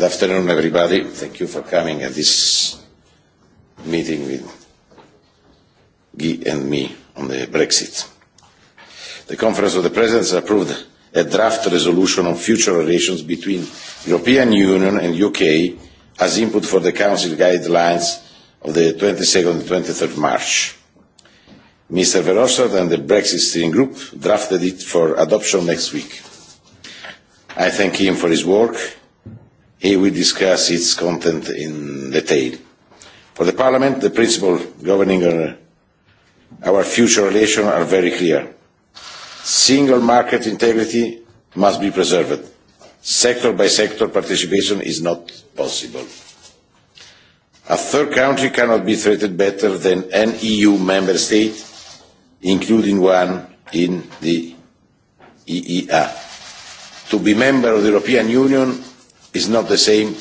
Good afternoon, everybody. Thank you for coming at this meeting with Guy and me on the Brexit. The Conference of the Presidents approved a draft resolution on future relations between European Union and UK as input for the Council guidelines of the 22nd and 23rd March. Mr. Verhofstadt and the Brexit steering group drafted it for adoption next week. I thank him for his work He will discuss its content in detail. For the Parliament, the principles governing our, our future relations are very clear. Single market integrity must be preserved. Sector by sector participation is not possible. A third country cannot be treated better than an EU member state, including one in the EEA. To be member of the European Union is not the same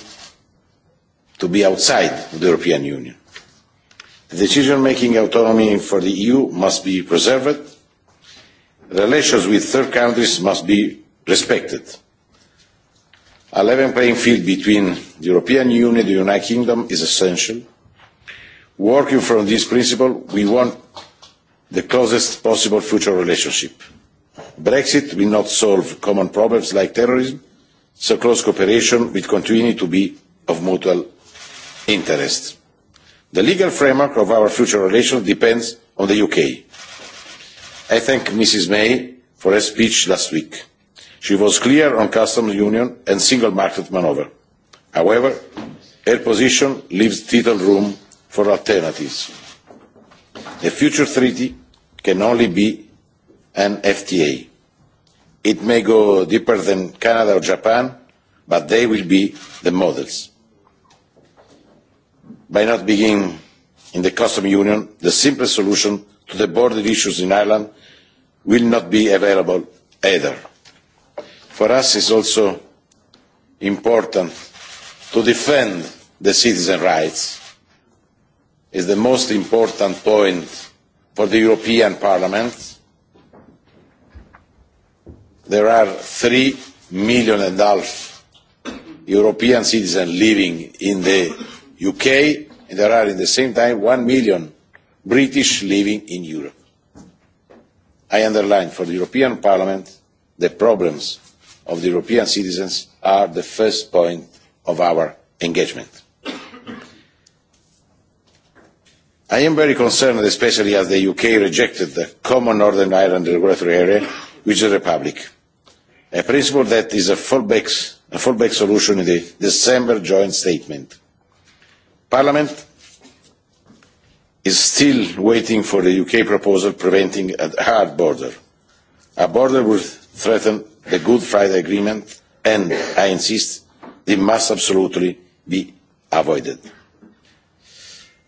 to be outside the European Union. The decision-making autonomy for the EU must be preserved. Relations with third countries must be respected. A level playing field between the European Union and the United Kingdom is essential. Working from this principle, we want the closest possible future relationship. Brexit will not solve common problems like terrorism, so close cooperation will continue to be of mutual interest. The legal framework of our future relations depends on the UK. I thank Mrs May for her speech last week. She was clear on customs union and single market manoeuvre. However, her position leaves little room for alternatives. The future treaty can only be an FTA It may go deeper than Canada or Japan, but they will be the models. By not being in the custom union, the simplest solution to the border issues in Ireland will not be available either. For us it is also important to defend the citizen rights. It's is the most important point for the European Parliament there are three million and a half European citizens living in the UK, and there are at the same time one million British living in Europe. I underline for the European Parliament the problems of the European citizens are the first point of our engagement. I am very concerned, especially as the UK rejected the common Northern Ireland regulatory area with the Republic a principle that is a fallback, a fallback solution in the December joint statement. Parliament is still waiting for the UK proposal preventing a hard border. A border would threaten the Good Friday Agreement and, I insist, it must absolutely be avoided.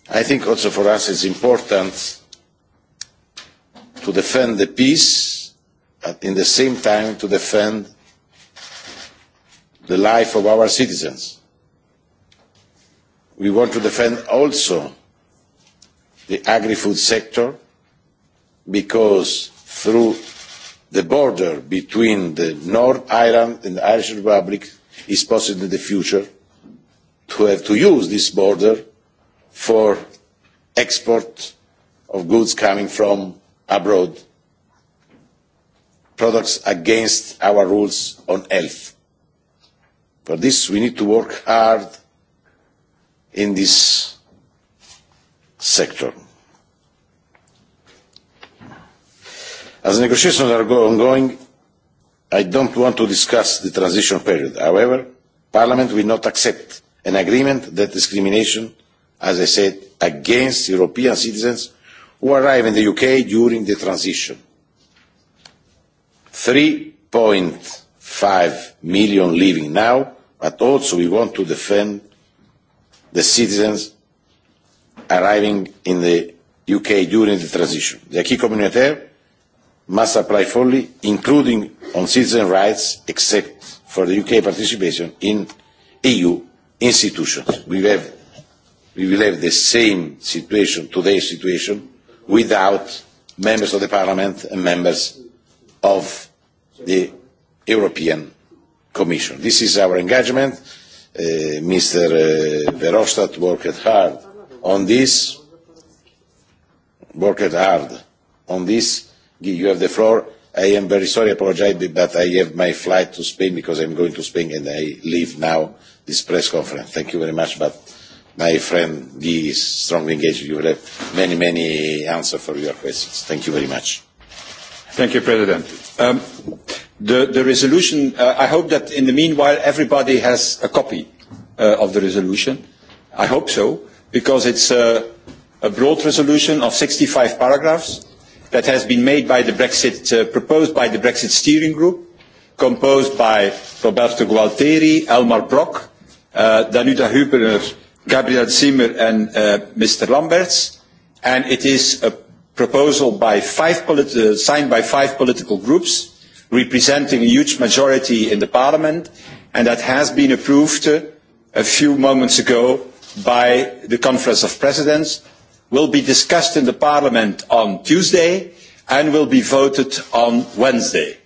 I think also for us it's important to defend the peace at the same time to defend the life of our citizens. We want to defend also the agri-food sector because through the border between the North Ireland and the Irish Republic is possible in the future to have to use this border for export of goods coming from abroad products against our rules on health. For this, we need to work hard in this sector. As negotiations are ongoing, I don't want to discuss the transition period. However, Parliament will not accept an agreement that discrimination, as I said, against European citizens who arrive in the UK during the transition 3.5 million living now, but also we want to defend the citizens arriving in the UK during the transition. The acquis communautaire must apply fully, including on citizen rights, except for the UK participation in EU institutions. We, have, we will have the same situation, today's situation, without members of the parliament and members of the European Commission. This is our engagement. Uh, Mr. Uh, Verhofstadt worked hard on this. Worked hard on this. You have the floor. I am very sorry, apologize, but I have my flight to Spain because I'm going to Spain and I leave now this press conference. Thank you very much, but my friend Guy is strongly engaged. You will have many, many answers for your questions. Thank you very much. Mr President. Um, the, resolution, uh, I hope that in the meanwhile everybody has a copy uh, of the resolution. I hope so, because it's a, a broad resolution of sixty five paragraphs that has been made by the Brexit, uh, proposed by the Brexit Steering Group, composed by Roberto Gualteri, Elmar Brok, Danuta Huber, Gabriel Zimmer and Mr. Lamberts. And it is a proposal by five uh, signed by five political groups representing a huge majority in the parliament and that has been approved uh, a few moments ago by the conference of presidents will be discussed in the parliament on tuesday and will be voted on wednesday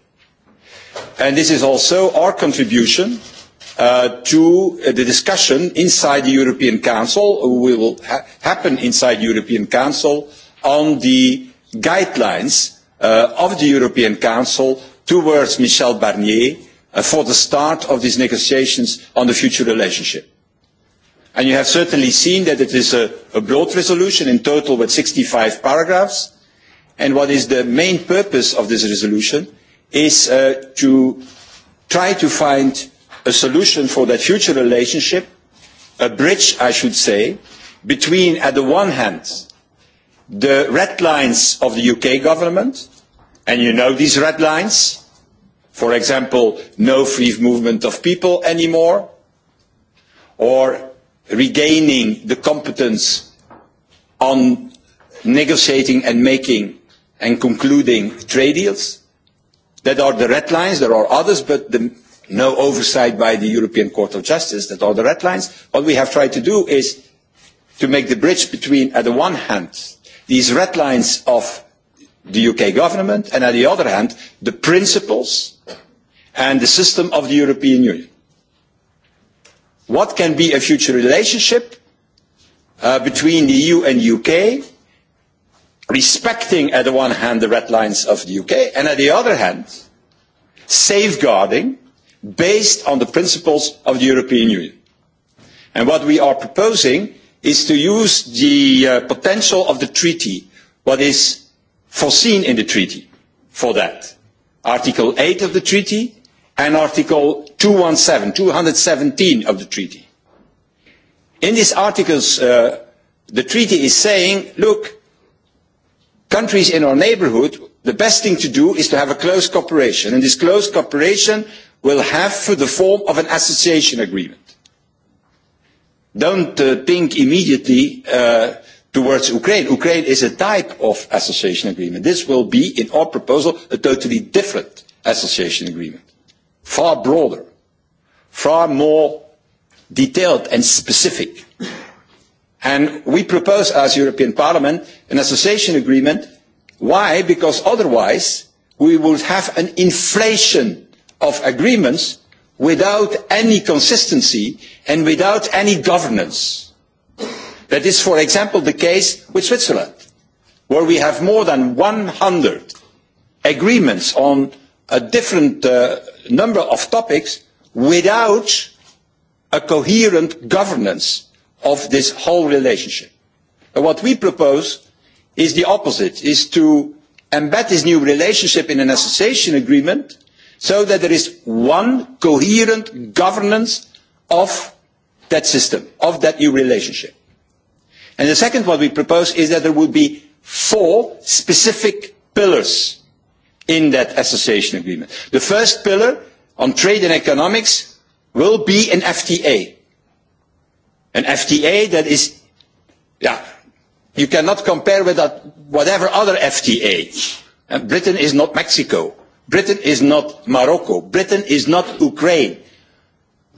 and this is also our contribution uh, to uh, the discussion inside the european council will ha happen inside the european council on the guidelines uh, of the European Council towards Michel Barnier uh, for the start of these negotiations on the future relationship. And you have certainly seen that it is a, a broad resolution in total with sixty five paragraphs. And what is the main purpose of this resolution is uh, to try to find a solution for that future relationship, a bridge, I should say, between, on the one hand, the red lines of the UK government, and you know these red lines, for example, no free movement of people anymore, or regaining the competence on negotiating and making and concluding trade deals. That are the red lines. There are others, but the, no oversight by the European Court of Justice. That are the red lines. What we have tried to do is to make the bridge between, on the one hand, these red lines of the UK government and on the other hand, the principles and the system of the European Union. What can be a future relationship uh, between the EU and UK, respecting on the one hand the red lines of the UK and on the other hand, safeguarding based on the principles of the European Union. And what we are proposing is to use the uh, potential of the treaty, what is foreseen in the treaty for that. Article 8 of the treaty and Article 217, 217 of the treaty. In these articles, uh, the treaty is saying, look, countries in our neighbourhood, the best thing to do is to have a close cooperation. And this close cooperation will have the form of an association agreement don't uh, think immediately uh, towards Ukraine. Ukraine is a type of association agreement. This will be, in our proposal, a totally different association agreement, far broader, far more detailed and specific. And we propose as European Parliament an association agreement. Why? Because otherwise we would have an inflation of agreements without any consistency and without any governance. That is, for example, the case with Switzerland, where we have more than one hundred agreements on a different uh, number of topics without a coherent governance of this whole relationship. But what we propose is the opposite, is to embed this new relationship in an association agreement so that there is one coherent governance of that system, of that new relationship. And the second what we propose is that there will be four specific pillars in that association agreement. The first pillar on trade and economics will be an FTA. An FTA that is, yeah, you cannot compare with that, whatever other FTA. And Britain is not Mexico Britain is not Morocco. Britain is not Ukraine.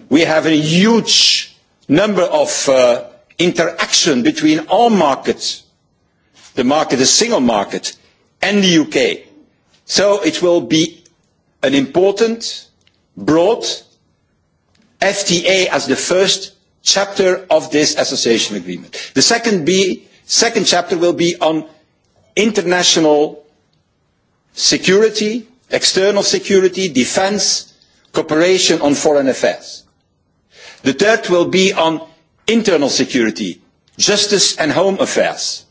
We have a huge number of uh, interaction between all markets, the market, the single market, and the UK. So it will be an important, broad FTA as the first chapter of this association agreement. The second, be, second chapter will be on international security, external security, defence, cooperation on foreign affairs. The third will be on internal security, justice and home affairs.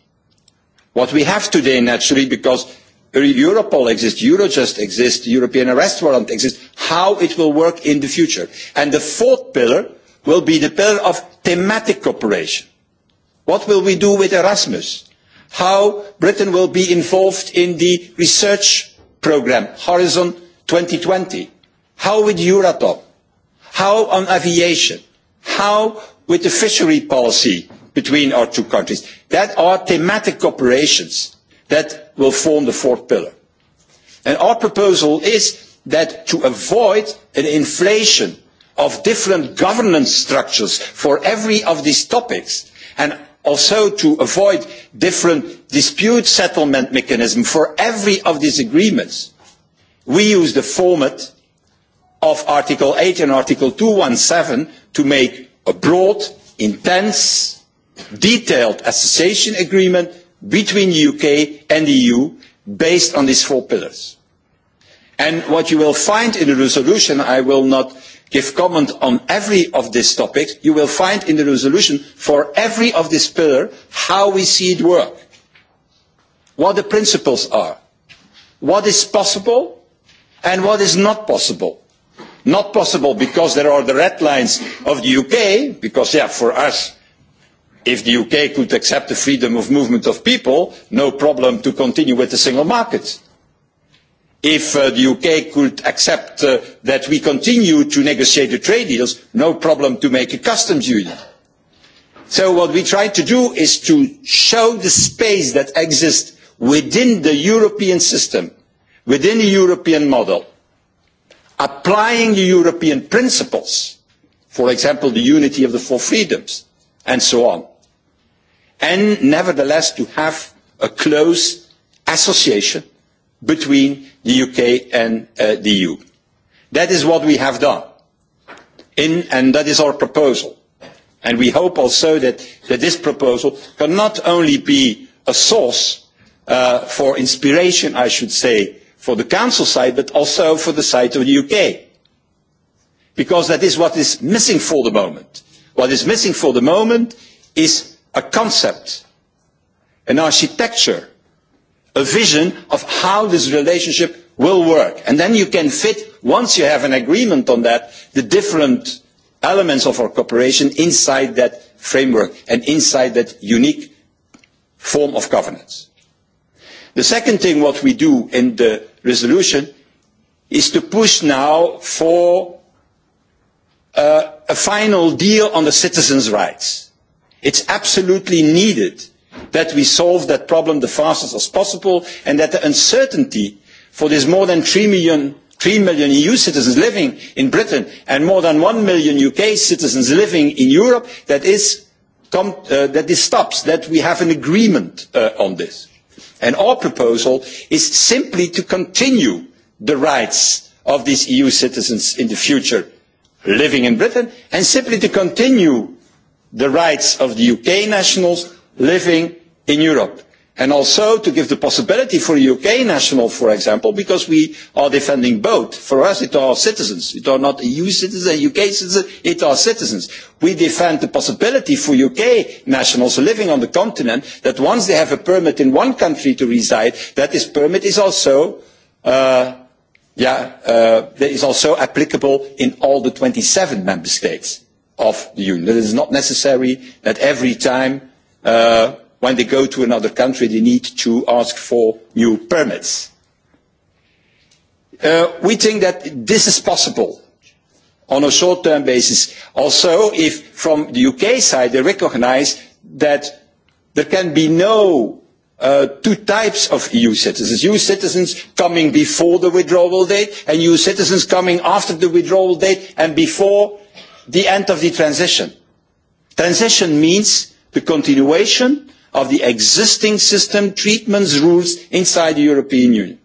What we have today, naturally, because Europol exists, Eurojust exists, the European arrest warrant exists, how it will work in the future. And the fourth pillar will be the pillar of thematic cooperation. What will we do with Erasmus? How Britain will be involved in the research programme Horizon twenty, How with Euratom? How on aviation? How with the fishery policy between our two countries? That are thematic operations that will form the fourth pillar. And our proposal is that to avoid an inflation of different governance structures for every of these topics, and also to avoid different dispute settlement mechanisms for every of these agreements, we use the format of Article eight and Article two hundred and seven to make a broad, intense, detailed association agreement between the UK and the EU based on these four pillars. And what you will find in the resolution, I will not give comment on every of these topics, you will find in the resolution for every of these pillars how we see it work, what the principles are, what is possible and what is not possible. Not possible because there are the red lines of the UK, because yeah, for us, if the UK could accept the freedom of movement of people, no problem to continue with the single market if uh, the UK could accept uh, that we continue to negotiate the trade deals, no problem to make a customs union. So what we try to do is to show the space that exists within the European system, within the European model, applying the European principles, for example, the unity of the four freedoms, and so on. And nevertheless, to have a close association between the UK and uh, the EU. That is what we have done, in, and that is our proposal. And we hope also that, that this proposal can not only be a source uh, for inspiration, I should say, for the Council side, but also for the side of the UK. Because that is what is missing for the moment. What is missing for the moment is a concept, an architecture a vision of how this relationship will work. And then you can fit, once you have an agreement on that, the different elements of our cooperation inside that framework and inside that unique form of governance. The second thing what we do in the resolution is to push now for uh, a final deal on the citizens' rights. It's absolutely needed that we solve that problem the fastest as possible and that the uncertainty for these more than 3 million, 3 million EU citizens living in Britain and more than 1 million UK citizens living in Europe that is come, uh, that this stops, that we have an agreement uh, on this. And our proposal is simply to continue the rights of these EU citizens in the future living in Britain and simply to continue the rights of the UK nationals living in Europe. And also to give the possibility for a UK national, for example, because we are defending both. For us, it are citizens. It are not EU citizens, UK citizens, it are citizens. We defend the possibility for UK nationals living on the continent that once they have a permit in one country to reside, that this permit is also uh, yeah, uh, that is also applicable in all the twenty seven member states of the union. It is not necessary that every time uh, when they go to another country, they need to ask for new permits. Uh, we think that this is possible on a short-term basis. Also, if from the UK side they recognise that there can be no uh, two types of EU citizens. EU citizens coming before the withdrawal date and EU citizens coming after the withdrawal date and before the end of the transition. Transition means the continuation of the existing system treatments rules inside the European Union.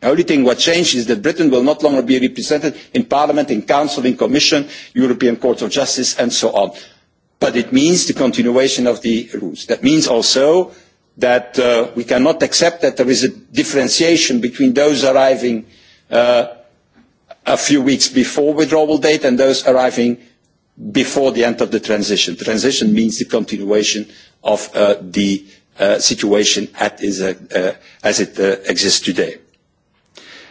The only thing what changed is that Britain will not longer be represented in Parliament, in Council, in Commission, European Court of Justice and so on. But it means the continuation of the rules. That means also that uh, we cannot accept that there is a differentiation between those arriving uh, a few weeks before withdrawal date and those arriving before the end of the transition. Transition means the continuation of uh, the uh, situation at is, uh, uh, as it uh, exists today.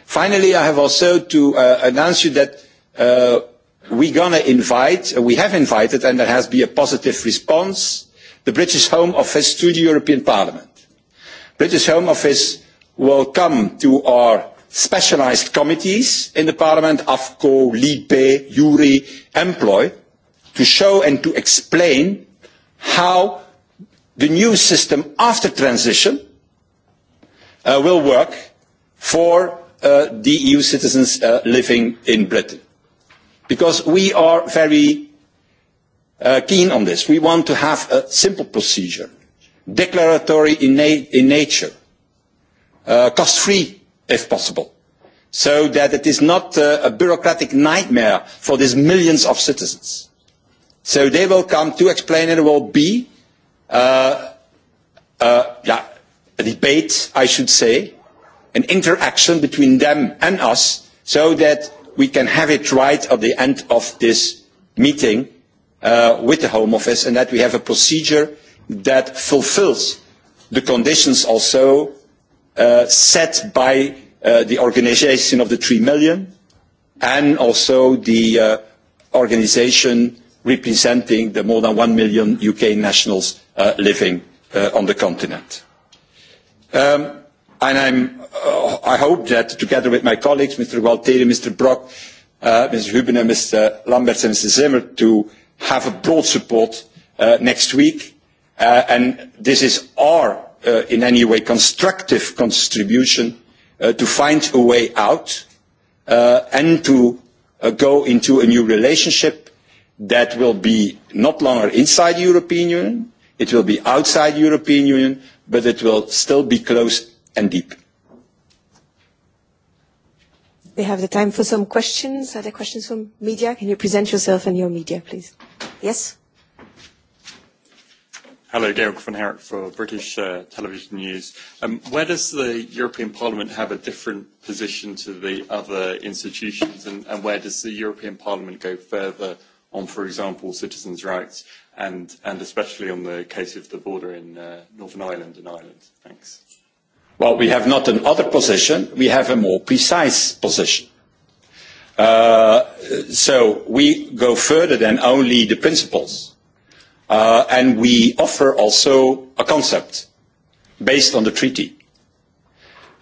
Finally, I have also to uh, announce you that uh, we're going to invite, uh, we have invited, and there has been a positive response, the British Home Office to the European Parliament. British Home Office will come to our specialised committees in the Parliament, AFCO, LIPE, URI, EMPLOY, to show and to explain how the new system after transition uh, will work for uh, the EU citizens uh, living in Britain. Because we are very uh, keen on this. We want to have a simple procedure, declaratory in, na in nature, uh, cost-free if possible, so that it is not uh, a bureaucratic nightmare for these millions of citizens so they will come to explain and it will be uh, uh, yeah, a debate, I should say, an interaction between them and us so that we can have it right at the end of this meeting uh, with the Home Office and that we have a procedure that fulfills the conditions also uh, set by uh, the organisation of the three million and also the uh, organisation representing the more than one million UK nationals uh, living uh, on the continent. Um, and I'm, uh, I hope that together with my colleagues, Mr. Gualtieri, Mr. Brok, uh, Mr. Hubener, Mr. Lamberts and Mr. Zimmer to have a broad support uh, next week. Uh, and this is our, uh, in any way, constructive contribution uh, to find a way out uh, and to uh, go into a new relationship that will be not longer inside the European Union, it will be outside the European Union, but it will still be close and deep. We have the time for some questions. Are there questions from media? Can you present yourself and your media, please? Yes? Hello, Georg van Herk for British uh, Television News. Um, where does the European Parliament have a different position to the other institutions, and, and where does the European Parliament go further on, for example, citizens' rights and, and especially on the case of the border in uh, Northern Ireland and Ireland? Thanks. Well, we have not another position. We have a more precise position. Uh, so we go further than only the principles. Uh, and we offer also a concept based on the treaty.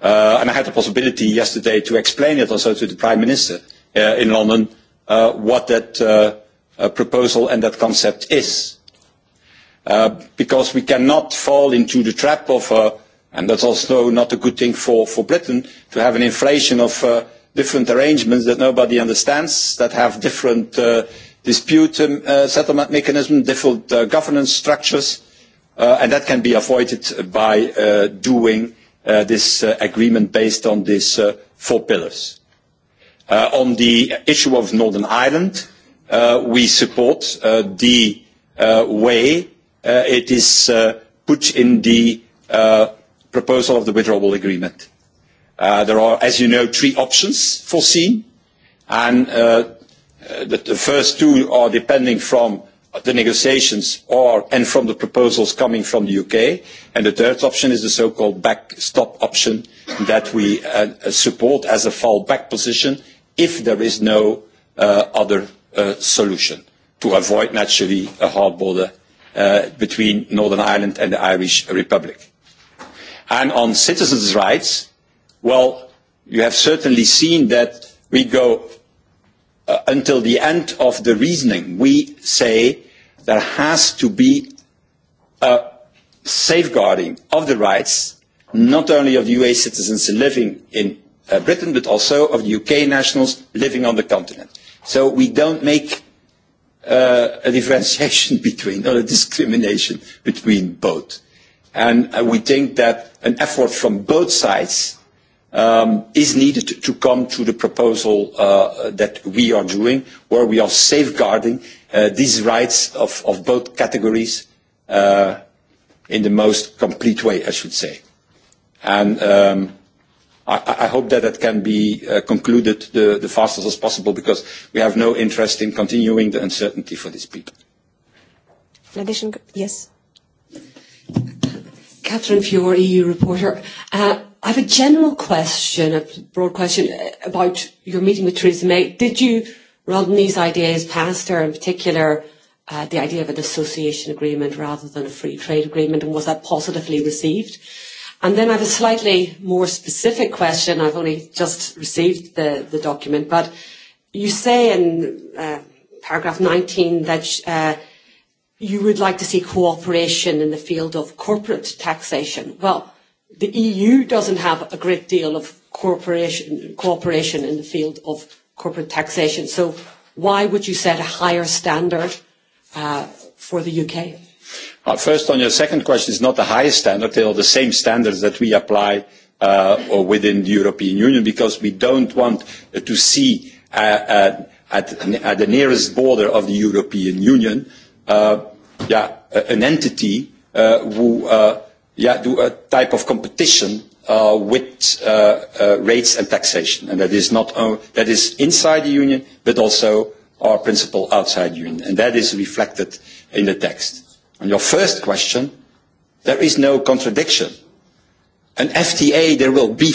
Uh, and I had the possibility yesterday to explain it also to the Prime Minister uh, in London uh, what that uh, uh, proposal and that concept is. Uh, because we cannot fall into the trap of, uh, and that's also not a good thing for, for Britain, to have an inflation of uh, different arrangements that nobody understands, that have different uh, dispute um, uh, settlement mechanisms, different uh, governance structures, uh, and that can be avoided by uh, doing uh, this uh, agreement based on these uh, four pillars. Uh, on the issue of Northern Ireland, Uh, we support uh, the uh, way uh, it is uh, put in the uh, proposal of the withdrawal agreement. Uh, there are, as you know, three options foreseen, and uh, uh the, the first two are depending from the negotiations or and from the proposals coming from the UK. And the third option is the so-called backstop option that we uh, support as a fallback position if there is no uh, other a uh, solution to avoid naturally a hard border uh, between Northern Ireland and the Irish Republic. And on citizens' rights, well, you have certainly seen that we go uh, until the end of the reasoning. We say there has to be a safeguarding of the rights not only of UA citizens living in uh, Britain, but also of the UK nationals living on the continent. So we don't make uh, a differentiation between or a discrimination between both. And uh, we think that an effort from both sides um, is needed to come to the proposal uh, that we are doing, where we are safeguarding uh, these rights of, of both categories uh, in the most complete way, I should say. And um, i, I hope that that can be uh, concluded the, the fastest as possible because we have no interest in continuing the uncertainty for these people. In addition, yes. Catherine Fiore, EU reporter. Uh, I have a general question, a broad question about your meeting with Theresa May. Did you run these ideas past her, in particular uh, the idea of an association agreement rather than a free trade agreement, and was that positively received? And then I have a slightly more specific question. I've only just received the, the document, but you say in uh, paragraph 19 that uh, you would like to see cooperation in the field of corporate taxation. Well, the EU doesn't have a great deal of cooperation, cooperation in the field of corporate taxation. So why would you set a higher standard uh, for the UK? Uh, first, on your second question, it's not a high standard. They are the same standards that we apply uh, within the European Union because we don't want to see uh, at, the nearest border of the European Union an entity who do a type of competition with rates and taxation. And that is, not, that is inside the Union, but also our principle outside the Union. And that is reflected in the text. On your first question, there is no contradiction. An FTA there will be,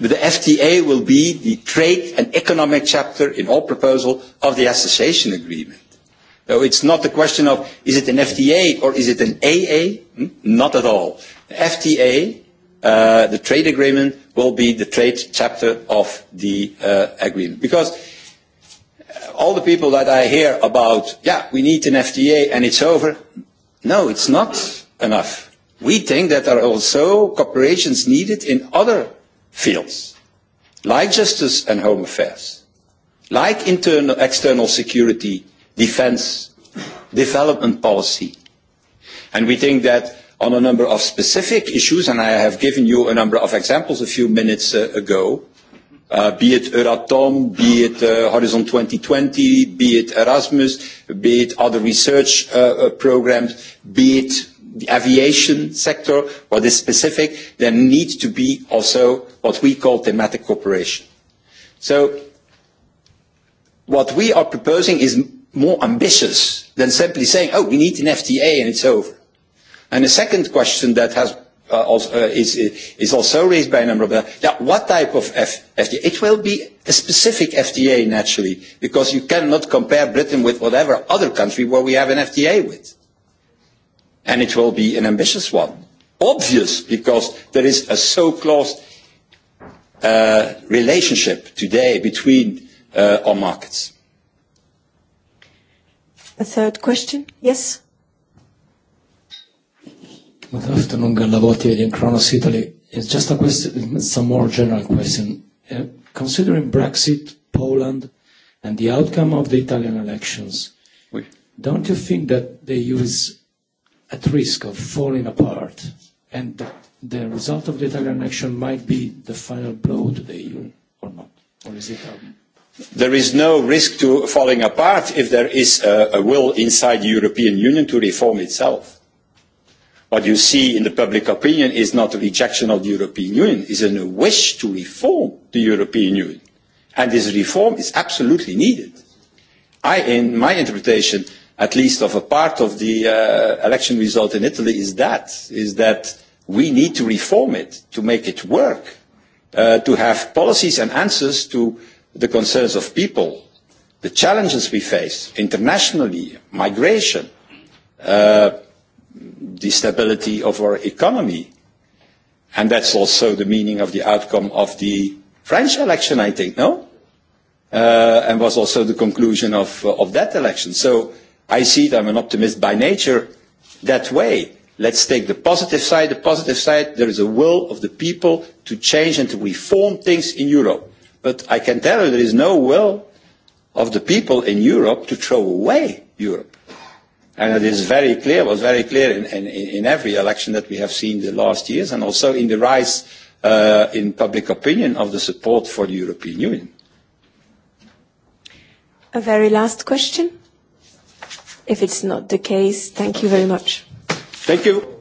but the FTA will be the trade and economic chapter in all proposal of the association agreement. So it's not a question of is it an FTA or is it an AA? Hmm? Not at all. The FTA, uh, the trade agreement, will be the trade chapter of the uh, agreement. Because uh, all the people that I hear about, yeah, we need an FTA and it's over, No, it's not enough. We think that there are also cooperations needed in other fields, like justice and home affairs, like internal, external security, defense, development policy. And we think that on a number of specific issues, and I have given you a number of examples a few minutes uh, ago, Uh, be it Euratom, be it uh, Horizon 2020, be it Erasmus, be it other research uh, uh, programs, be it the aviation sector, what is specific, there needs to be also what we call thematic cooperation. So what we are proposing is more ambitious than simply saying, oh, we need an FTA and it's over. And the second question that has uh, also, uh, is, uh, is also raised by a number of them. Now, what type of F FDA? It will be a specific FDA, naturally, because you cannot compare Britain with whatever other country where we have an FDA with. And it will be an ambitious one. Obvious, because there is a so close uh, relationship today between uh, our markets. A third question? Yes? Good afternoon, Gallavotti again, Kronos, Italy. It's just a question, some more general question. Uh, considering Brexit, Poland, and the outcome of the Italian elections, oui. don't you think that the EU is at risk of falling apart and that the result of the Italian election might be the final blow to the EU or not? Or is it um, there is no risk to falling apart if there is a, a will inside the European Union to reform itself What you see in the public opinion is not a rejection of the European Union, it is a wish to reform the European Union. And this reform is absolutely needed. I, in my interpretation, at least of a part of the uh, election result in Italy, is that, is that we need to reform it, to make it work, uh, to have policies and answers to the concerns of people, the challenges we face internationally, migration, uh, the stability of our economy. And that's also the meaning of the outcome of the French election, I think, no? Uh, and was also the conclusion of, uh, of that election. So I see that I'm an optimist by nature that way. Let's take the positive side. The positive side, there is a will of the people to change and to reform things in Europe. But I can tell you there is no will of the people in Europe to throw away Europe. And it is very clear, was very clear in, in, in every election that we have seen the last years and also in the rise uh, in public opinion of the support for the European Union. A very last question. If it's not the case, thank you very much. Thank you.